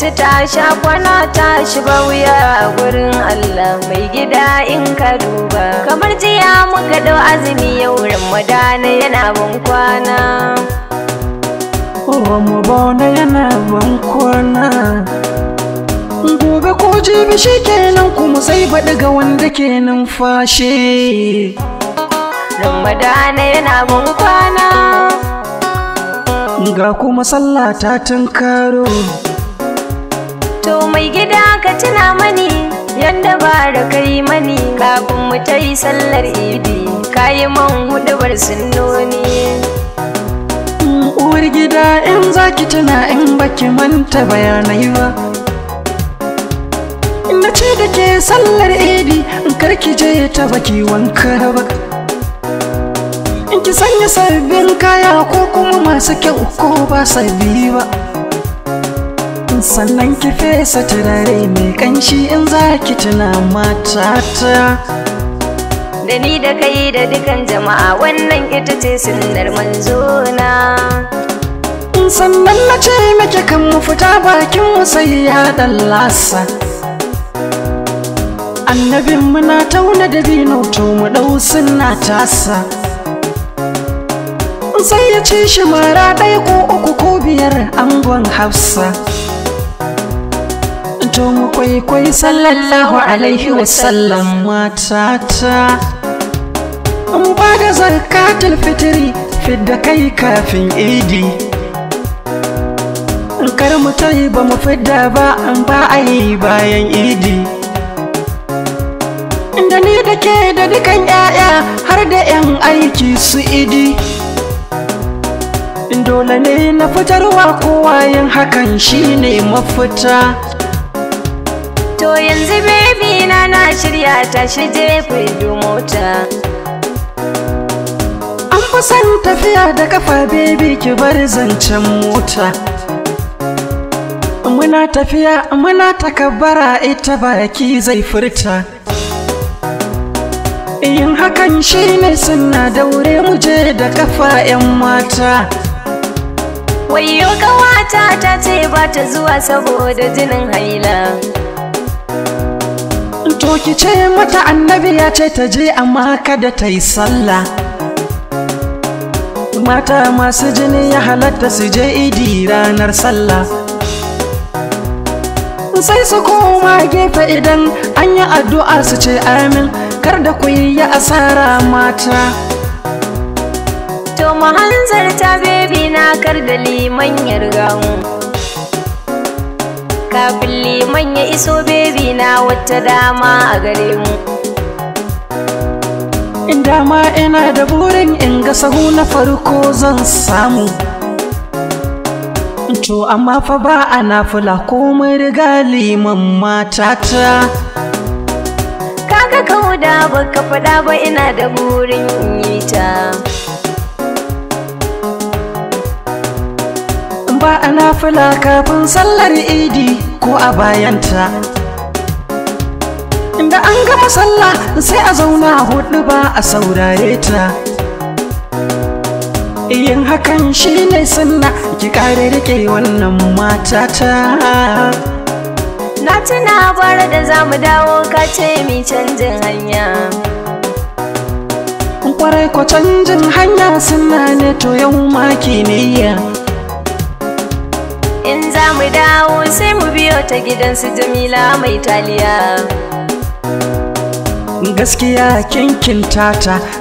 ci ta sha kwana ta shi ba wuya gurin Allah mai gida in ka duba kamar jiya muka dau azumi yau ramadana yana ban kwana ramadana yana ban kwana gobe ko jibi shi kenan kuma sai faɗi ga wanda ke numfashi ramadana yana ban kwana ga kuma sallah ta tunkaro to mai gida ka tuna mani yadda ba da kai mani kafin mu ta yi sallar idi ka yi man hudubar sunnoni uwar gida in zaki tuna in baki manta bayanai ba na ce da ke sallar idi karki je ta baki wanka ba in ki sanya sabbin kaya ko kuma masu kyau ko ba sabbi ba sannan ki fesa turare mai kanshi in za ki tuna matata da ni da kai da dukan jama'a wannan ita ce sunnar manzona sannan na ce miki kan mu fita bakin mu sai ya dallasa annabin muna tauna da dino to mu dau sunna tasa sai ya ce shi mara ɗaya ko uku ko biyar angon hafsa To mu kwaikwai sallallahu alaihi wasallam matata Mu ba da zakatul fitri fidda kai kafin idi kar mu tai ba mu fidda ba an ba a yi bayan idi da ni da ke da dukan 'ya'ya har da 'yan aiki su idi dole ne na fitarwa kowa yin hakan shine mafita to yanzu baby na na shirya ta shi ku yi mota an fi son tafiya da kafa baby ki bar zancen mota muna tafiya muna takabbara ita baki zai furta yin hakan shine suna daure mu je da kafa 'yan mata wayo kawata ta ce ba ta zuwa saboda jinin haila ki ce mata annabi ya ce ta je amma kada ta yi sallah mata masu jini ya halatta su je idi ranar sallah sai su koma gefe idan an yi addu'a su ce amin kar da ku yi asara mata to mahanzarta hanzarta bebi na kar da liman yarga kafin liman ya iso baby na wata dama a gare mu inda ma ina da burin in ga sahu na farko zan samu to amma fa ba a fula komai riga liman matata kaga kauda baka fada ba ina da burin in yi ta ba a nafila kafin sallar idi ko a bayanta da an gama sallah sai a zauna hudu ba a saurare ta yin hakan shi ne sunna ki kare rike wannan matata na tuna bara da za mu dawo ka ce mi canjin hanya kwarai ko canjin hanya suna ne to yau maki niyya in za mu dawo sai mu biyo ta gidan su jamila mai taliya gaskiya kinkin tata